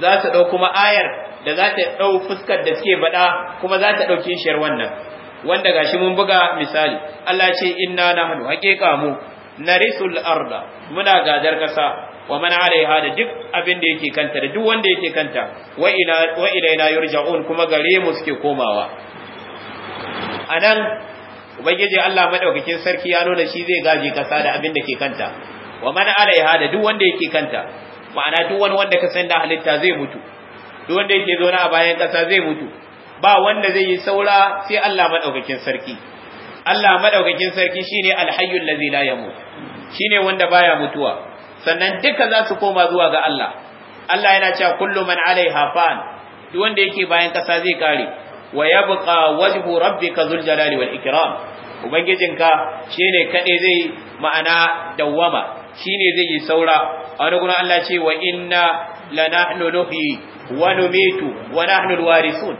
za ta dau kuma ayar da za ta dau fuskar da suke bada kuma za ta dauki shiyar wannan wanda gashi mun buga misali Allah ce inna nahnu haqiqa mu narisul arda muna gadar kasa wa man alaiha da duk abin da yake kanta da duk wanda yake kanta wa ila wa ilaina yurja'un kuma gare mu suke komawa anan ubangiji Allah madaukakin sarki ya nuna shi zai gaje kasa da abin da ke kanta wa man alaiha da duk wanda yake kanta ma'ana duk wani wanda ka san da halitta zai mutu duk wanda yake zo na a bayan kasa zai mutu ba wanda zai yi saura sai Allah madaukakin sarki Allah madaukakin sarki shine alhayyu allazi la yamut shine wanda baya mutuwa sannan duka za su koma zuwa ga Allah Allah yana cewa kullu man alaiha fan duk wanda yake bayan kasa zai kare wa yabqa wajhu rabbika dhul jalali wal ikram ubangijinka shine kade zai ma'ana dawwama shine zai yi saura a wani Allah ce wa inna lanahnu nuhi wa numitu wa nahnu alwarisun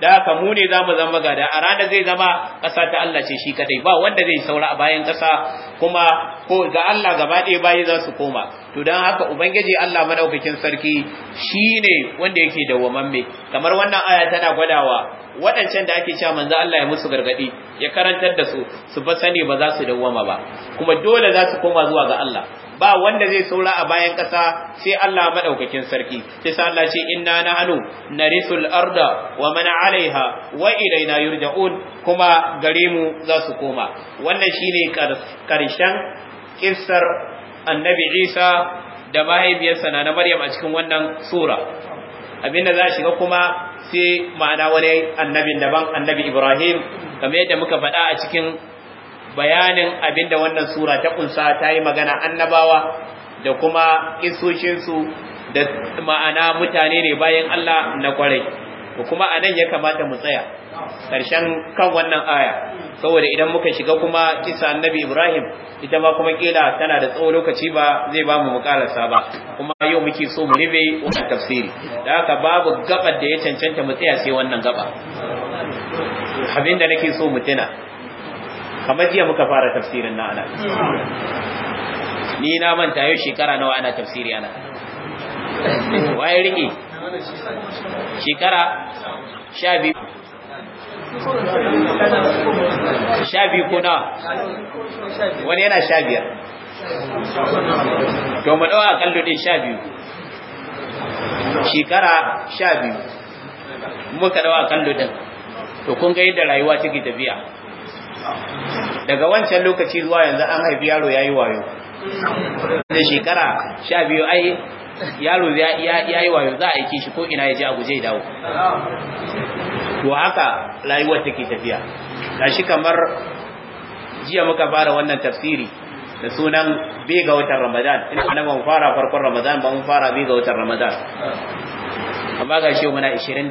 da ka mu ne zamu zama gada a ranar zai zama ƙasa ta Allah ce shi kadai ba wanda zai saura a bayan ƙasa kuma ko ga Allah gaba ɗaya bai za su koma to dan haka ubangiji Allah madaukakin sarki shine wanda yake dawwamamme kamar wannan aya tana gwadawa waɗancan da ake cewa manzo Allah ya musu gargadi ya karantar da su su ba sani ba za su dawwama ba kuma dole za su koma zuwa ga Allah ba wanda zai saura a bayan ƙasa sai Allah madaukakin sarki sai sa Allah ce inna nahnu narisul arda wa man alaiha wa ilayna yurja'un kuma gare mu za su koma wannan shine karshen kissar annabi isa da mahaifiyarsa na na maryam a cikin wannan sura abinda za a shiga kuma sai ma'ana wani annabin daban annabi ibrahim kamar yadda muka faɗa a cikin bayanin abinda wannan sura ta kunsa ta yi magana annabawa da kuma isoshinsu da ma'ana mutane ne bayan allah na kwarai kuma a nan ya kamata mu tsaya ƙarshen kan wannan aya saboda idan muka shiga kuma kisa annabi ibrahim ita ma kuma kila tana da tsawon lokaci ba zai ba mu mukalasa ba kuma yau muke so mu ribe wannan tafsiri da aka babu gabar da ya cancanta mu tsaya sai wannan gaba abin da nake so mu tuna kamar jiya muka fara tafsirin na ana ni na manta yau shekara nawa ana tafsiri ana waye rike shekara sha biyu sha biyu ko nawa wani yana sha biyar to mu ɗawa kallo dai sha biyu shekara sha biyu muka a kallo din to kun ga yadda rayuwa take tafiya daga wancan lokaci zuwa yanzu an haifi yaro ya yi wayo da shekara sha biyu ai yaro ya yi wayo za a aike shi ko ina ya je a guje dawo to haka rayuwar take tafiya shi kamar jiya muka fara wannan tafsiri da sunan bi ga watan Ramadan ina ana mun fara farkon Ramadan ba mun fara bi ga watan Ramadan amma ga shi muna 27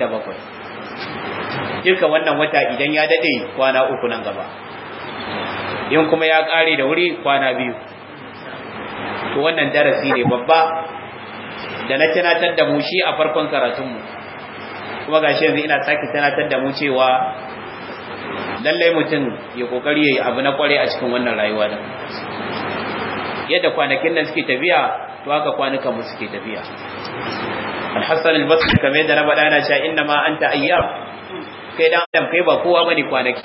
duka wannan wata idan ya dade kwana uku nan gaba in kuma ya kare da wuri kwana biyu to wannan darasi ne babba da na tunatar da mu shi a farkon karatunmu kuma ga shi yanzu ina sake tunatar da mu cewa lallai mutum ya kokari yi abu na kware a cikin wannan rayuwa da yadda kwanakin nan suke tafiya to haka kwanukan mu suke tafiya al-hasan al-basri kamar da na faɗa na cewa inna ma anta ayyam kai dan adam kai ba kowa bane kwanaki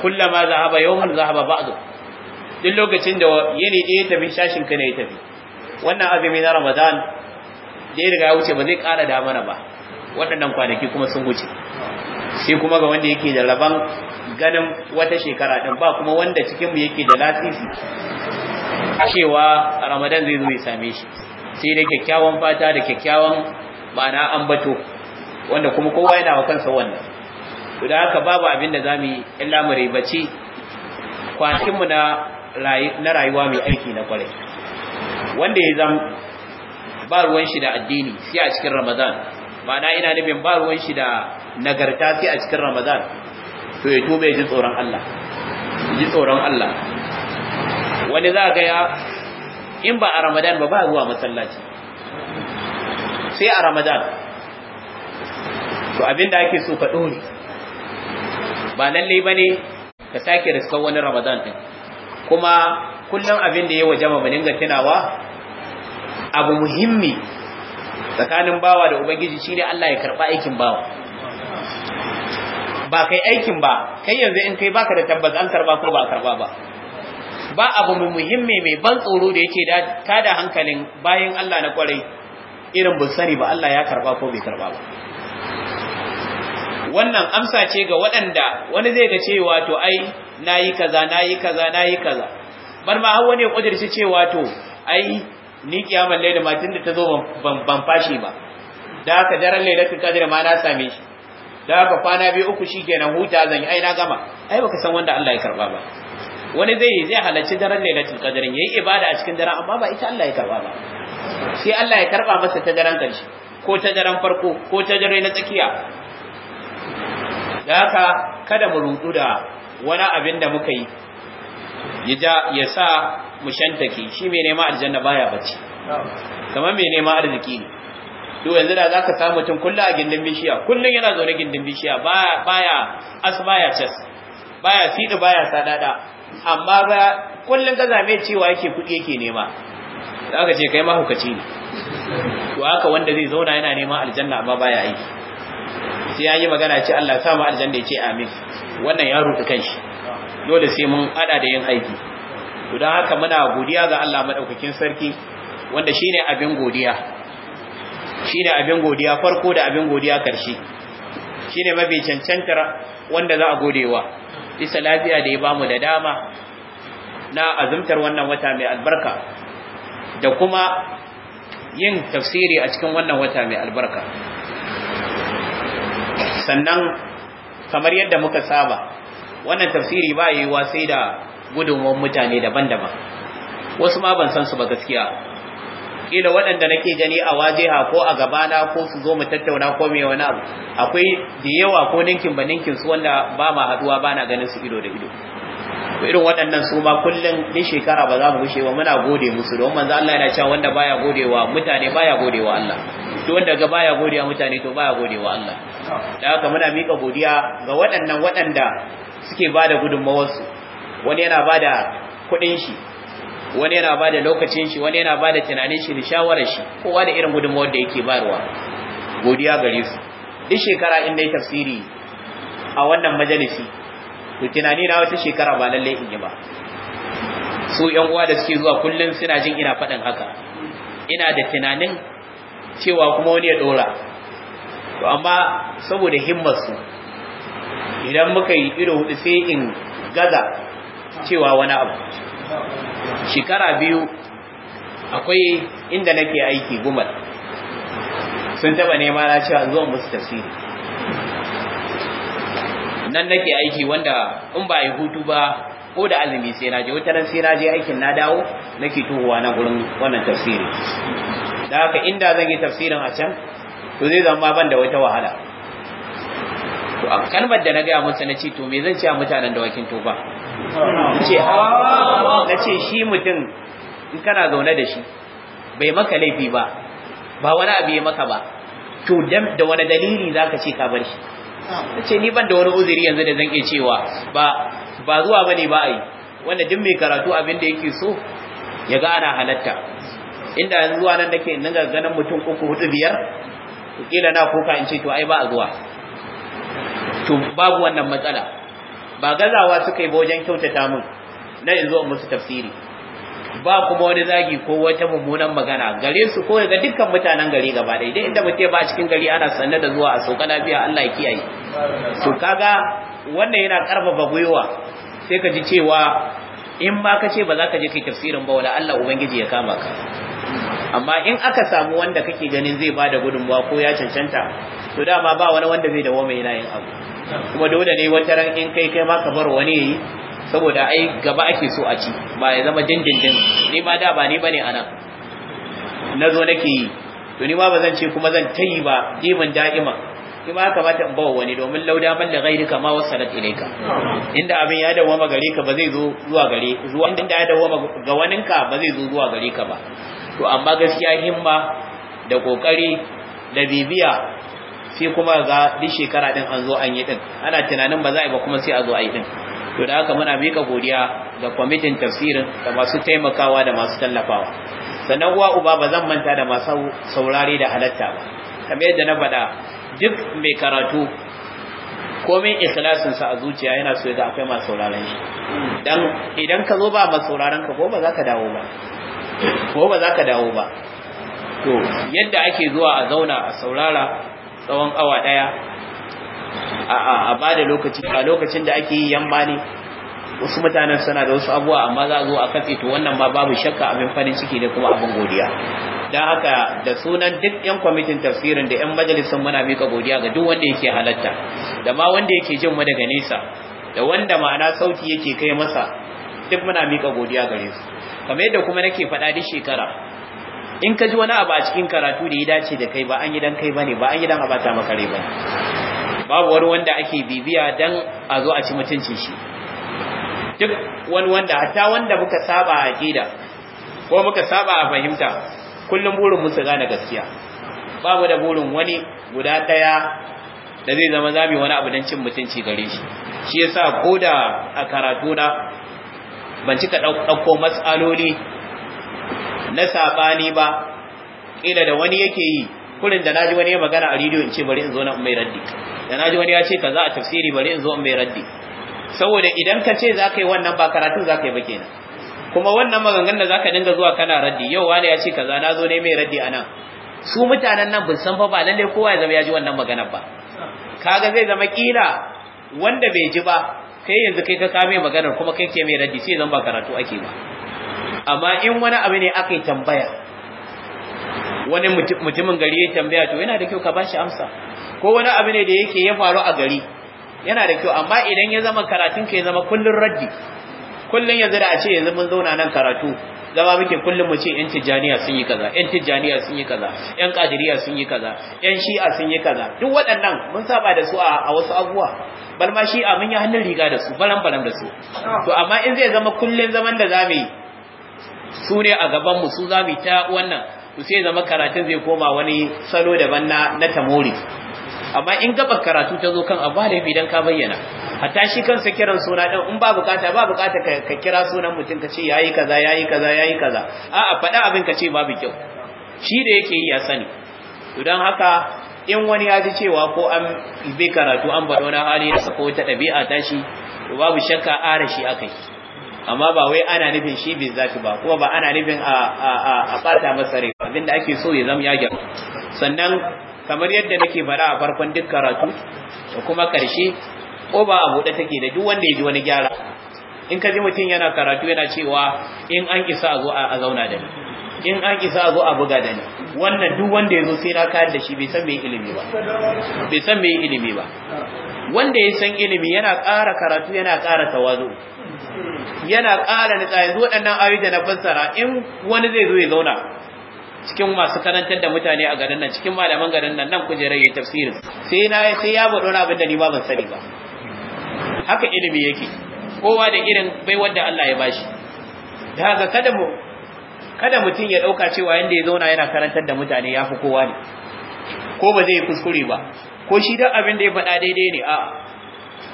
kullama zahaba yawman zahaba ba'd duk lokacin da yini ɗaya tafi shashin ka ne ya tafi wannan azumi na ramadan da ya riga ya wuce ba zai ƙara da mana ba waɗannan kwanaki kuma sun wuce shi kuma ga wanda yake da rabon ganin wata shekara ɗin ba kuma wanda cikinmu yake da lasisi cewa ramadan zai zo ya same shi sai da kyakkyawan fata da kyakkyawan ma'ana ambato wanda kuma kowa yana wa kansa wannan to da haka babu abin da zamu yi illa mu ribaci kwanakin mu na rayuwa mai aiki na kwarai wanda ya zama. ba ruwan shi da addini sai a cikin ramadan ma'ana ina nufin ba ruwan shi da nagarta sai a cikin ramadan to ya tobe ji tsoron Allah ji tsoron Allah wani za ga ya in ba a ramadan ba ba zuwa masallaci sai a ramadan to abin da ake so ka dore ba lalle bane ka sake riskar wani ramadan din kuma kullum abin da ya waje ba dinga tunawa abu muhimmi tsakanin bawa da ubangiji shine Allah ya karba aikin bawa ba kai aikin ba kai yanzu in kai baka da tabbas an karba ko ba karba ba ba abu muhimmi mai ban tsoro da yake tada hankalin bayan Allah na kwarai irin bu sani ba Allah ya karba ko bai karba ba wannan amsa ce ga waɗanda wani zai ga cewa to ai nayi kaza nayi kaza nayi kaza bar ma har wani ya kudirce cewa to ai ni kiyamar laila ma tun da ta zo ban fashi ba da haka daren lailatul qadr ma na same shi da haka kwana biyu uku shi kenan huta zan yi aina na gama ai baka san wanda Allah ya karba ba wani zai yi zai halarci daren lailatul ya yi ibada a cikin daren amma ba ita Allah ya karba ba sai Allah ya karba masa ta daren karshe ko ta daren farko ko ta dare na tsakiya da haka kada mu rudu da wani abin da muka yi ya sa Mushantaki, shi mai nema aljanna baya bacci kamar mai nema arziki ne to yanzu da zaka samu mutum kullu a gindin bishiya kullun yana zaune gindin bishiya baya baya as baya ces baya sidi baya sadada amma ba kullun ka zame cewa yake kudi yake nema zaka ce kai mahukaci ne to haka wanda zai zauna yana neman aljanna amma baya aiki sai ya yi magana ce Allah sa mu aljanna ya ce amin wannan ya kai kanshi dole sai mun ada da yin aiki to don haka muna godiya ga Allah maɗaukakin sarki wanda shine abin godiya shine abin godiya farko da abin godiya karshe shine mafi cancantar wanda za a godewa Isa lafiya da ya bamu da dama na azumtar wannan wata mai albarka da kuma yin tafsiri a cikin wannan wata mai albarka sannan kamar yadda muka saba wannan tafsiri ba yiwuwa sai da gudunmuwan mutane daban-daban wasu ma ban san su ba gaskiya kila waɗanda nake gani a wajeha ko a gabana ko su zo mu tattauna ko me wani abu akwai da yawa ko ninkin ba ninkin su wanda ba ma haduwa ba na ganin su ido da ido irin waɗannan su ma kullum din shekara ba za mu gushe ba muna gode musu don manzo Allah yana cewa wanda baya godewa mutane baya godewa Allah to wanda ga baya godewa mutane to baya godewa Allah da haka muna mika godiya ga waɗannan waɗanda suke bada gudunmawar su wani yana ba da kuɗin shi wani yana ba da lokacin shi wani yana ba da tunanin shi da shawarar shi kowa da irin gudunmawar da yake barwa godiya gare su duk shekara in yi tafsiri a wannan majalisi to tunani na wata shekara ba lalle in yi ba su yan uwa da suke zuwa kullum suna jin ina faɗin haka ina da tunanin cewa kuma wani ya dora to amma saboda himmar su idan muka yi ido hudu sai in gaza cewa wani abu shekara biyu akwai inda nake aiki gumar sun taba nema na cewa zuwa musu tafsiri nan nake aiki wanda in ba yi hutu ba ko da azumi sai na je wata sai na je aikin na dawo nake tohuwa na gurin wannan tafsiri da haka inda zan yi tafsirin a can to zai zama ban da wata wahala to a kalmar da na gaya musu na ce to me zan ce a mutanen dawakin ba? na ce ah. shi mutum in kana zaune da shi bai maka laifi ba ba wani abu ya maka ba to da wani dalili za ka ce ka bar shi na ce ni ban da wani uzuri yanzu da zan iya cewa ba zuwa ba ne ba a yi wanda duk mai karatu abin da yake so ya ga ana halatta inda zuwa nan nake ke ga ganin mutum uku hudu biyar kila na koka in ce to ai ba a zuwa to babu wannan matsala ba gazawa suka yi wajen kyautata mun na in musu tafsiri ba kuma wani zagi ko wata mummunan magana gare su ko ga dukkan mutanen gari gaba ɗaya dai inda mutum ba cikin gari ana sanne da zuwa a sauka lafiya Allah ya kiyaye to kaga wannan yana karfafa gwiwa sai ka ji cewa in ba ka ce ba za ka je kai tafsirin ba wala Allah ubangiji ya kama ka amma in aka samu wanda kake ganin zai bada gudunmawa ko ya cancanta to dama ba wani wanda zai dawo mai yana yin abu kuma dole ne wata ran in kai kai ma ka bar wani yayi saboda ai gaba ake so a ci ba ya zama dindindin ni ma da ba ni bane ana na zo nake yi to ni ma ba zan ce kuma zan tayi ba diman da'ima shi ma kamata in bawa wani domin lauda man da gairi kama wasalat ilaika inda abin ya ma gare ka ba zai zo zuwa gare zuwa inda ya dawoma ga waninka ba zai zo zuwa gare ka ba to amma gaskiya himma da kokari da bibiya sai kuma ga duk shekara din an zo an yi din ana tunanin ba za a yi ba kuma sai a zo a yi din to da haka muna mika godiya ga kwamitin tafsirin da masu taimakawa da masu tallafawa sannan uwa uba ba zan manta da masu saurare da halatta ba kamar yadda na faɗa duk mai karatu komai ikhlasin sa a zuciya yana so ga akwai masu sauraron shi dan idan ka zo ba masu sauraron ka ko ba za ka dawo ba ko ba za ka dawo ba to yadda ake zuwa a zauna a saurara tsawon awa daya a ba da lokaci a lokacin da ake yi yamma ne wasu mutanen suna da wasu abuwa amma za a zo a katse to wannan ma babu shakka abin farin ciki ne kuma abin godiya don haka da sunan duk yan kwamitin tafsirin da yan majalisun muna mika godiya ga duk wanda yake halatta da ma wanda yake jin mu daga nesa da wanda ma'ana sauti yake kai masa duk muna mika godiya gare su kamar yadda kuma nake faɗa duk shekara in ka ji wani abu a cikin karatu da ya dace da kai ba an yi dan kai bane ba an yi dan abata maka rai bane babu wani wanda ake bibiya dan a zo a ci mutuncin shi duk wani wanda hatta wanda muka saba a aqida ko muka saba a fahimta kullum burin mu su gane gaskiya babu da burin wani guda daya da zai zama zabi wani abu dan cin mutunci gare shi shi yasa koda a karatu na ban cika ɗauko matsaloli na sabani ba kila da wani yake yi kurin da naji wani ya magana a rediyo in ce bari in zo na mai raddi da naji wani ya ce kaza a tafsiri bari in zo in mai raddi saboda idan ka ce zaka yi wannan ba karatu zaka yi ba kenan kuma wannan maganganun da zaka dinga zuwa kana raddi yau wani ya ce kaza na zo ne mai raddi anan su mutanen nan bin san fa ba lalle kowa ya zama ya ji wannan magana ba kaga zai zama kila wanda bai ji ba kai yanzu kai ka kame maganar kuma kai ke mai raddi sai zan ba karatu ake ba amma in wani abu ne aka yi tambaya wani mutumin gari ya tambaya to yana da kyau ka bashi amsa ko wani abu ne da yake ya faru a gari yana da kyau amma idan ya zama karatun ka ya zama kullun raddi kullun yanzu da a ce yanzu mun zauna nan karatu zama muke kullum mu ce yan tijjaniya sun yi kaza yan tijjaniya sun yi kaza yan kadiriya sun yi kaza yan shi'a sun yi kaza duk waɗannan mun saba da su a wasu abubuwa bal ma shi'a mun yi hannun riga da su balan balan da su to amma in zai zama kullun zaman da zamu yi Sune a gaban mu su za mu ta wannan to sai zama karatun zai koma wani salo daban na na tamori amma in gaba karatu ta zo kan abu da idan ka bayyana hatta shi kansa kiran suna din in ba bukata ba bukata ka kira sunan mutum ka ce yayi kaza yayi kaza yayi kaza a'a faɗa abin ka ce babu kyau shi da yake yi ya sani don haka in wani ya ji cewa ko an bai karatu an bada wani hali na sako ta ɗabi'a tashi babu shakka ara shi akai amma ba wai ana nufin shi bai zati ba kuma ba ana nufin a fata masa rai abinda ake so ya zama ya sannan kamar yadda nake bara a farkon duk karatu da kuma karshe ko ba a buɗe take da duk wanda ya ji wani gyara in ka ji mutum yana karatu yana cewa in an isa a zo a zauna da ni in an isa a zo a buga da ni wannan duk wanda ya zo sai na kayar da shi bai san mai ilimi ba bai san mai ilimi ba wanda ya san ilimi yana ƙara karatu yana ƙara tawazu yana ƙara nitsa yanzu waɗannan ayoyi da na fassara in wani zai zo ya zauna cikin masu karantar da mutane a garin nan cikin malaman garin nan nan kujerar yi tafsirin sai na sai ya bado na abin da ni ba ban sani ba haka ilimi yake kowa da irin bai wanda Allah ya bashi da haka kada mutum ya ɗauka cewa yanda ya zauna yana karantar da mutane ya fi kowa ne ko ba zai kuskure ba ko shi don abin da ya faɗa daidai ne a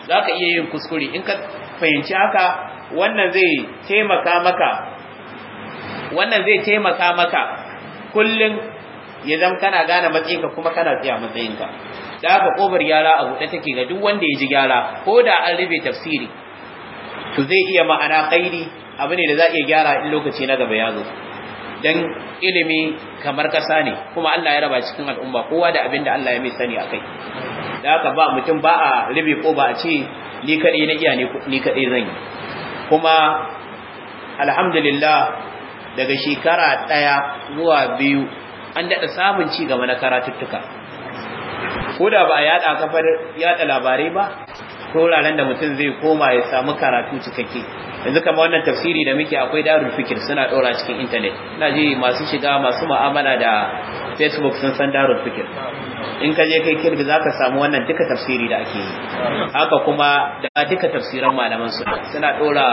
za ka iya yin kuskure in ka fahimci haka wannan zai taimaka maka wannan zai taimaka maka kullum ya zama kana gane matsayinka kuma kana tsaya matsayinka da haka kobar gyara a buɗe take ga duk wanda ya ji gyara ko da an rufe tafsiri to zai iya ma'ana kairi abu ne da za a iya gyara in lokaci na gaba ya zo dan ilimi kamar kasa ne kuma Allah ya raba cikin al'umma kowa da abin da Allah ya mai sani akai da haka ba mutum ba a ribi ko ba a ce ni kaɗai na iya ni kaɗai zan yi kuma alhamdulillah daga shekara ɗaya zuwa biyu an daɗa samun ci gaba na karatuttuka ko da ba a yaɗa kafar yaɗa labarai ba ko ranar da mutum zai koma ya samu karatu cikakke yanzu kama wannan tafsiri da muke akwai darul fikir suna ɗora cikin intanet ina ji masu shiga masu ma'amala da facebook sun san darul fikir in ka je kai kirbi za ka samu wannan duka tafsiri da ake yi haka kuma da duka tafsiran malaman su suna dora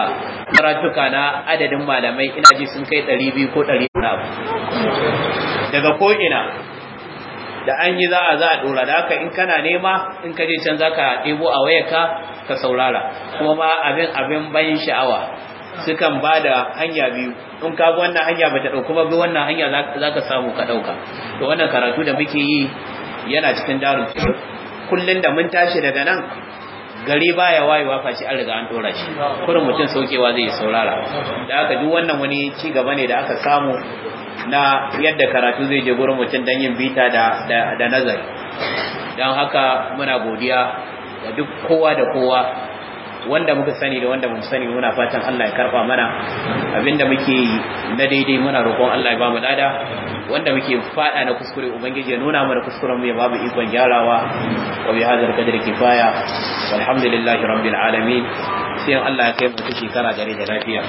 karatuka na adadin malamai ina ji sun kai 200 ko 100 daga ko ina da an yi za a za a dora da haka in kana nema in ka je can za ka ɗebo a wayarka ka saurara kuma ma abin abin bayan sha'awa sukan ba da hanya biyu in ka wannan hanya ba ta dauka ba bi wannan hanya za ka samu ka ɗauka to wannan karatu da muke yi yana cikin darin fiqh kullun da mun tashi daga nan gari baya wayewa fashi an riga an dora
shi kurin mutum
saukewa zai yi saurara da aka duk wannan wani ci gaba ne da aka samu na yadda karatu zai je gurin mutum don yin bita da da nazari don haka muna godiya ga duk kowa da kowa wanda muka sani da wanda mun sani muna fatan Allah ya karfa mana abinda muke yi na daidai muna roƙon Allah ya ba mu lada wanda muke fada na kuskure ubangiji ya nuna mana kuskuren mu ya babu ikon gyarawa wa bi hadar kadar kifaya alhamdulillahi rabbil alamin
sai Allah ya kai mu ta shekara gare da lafiya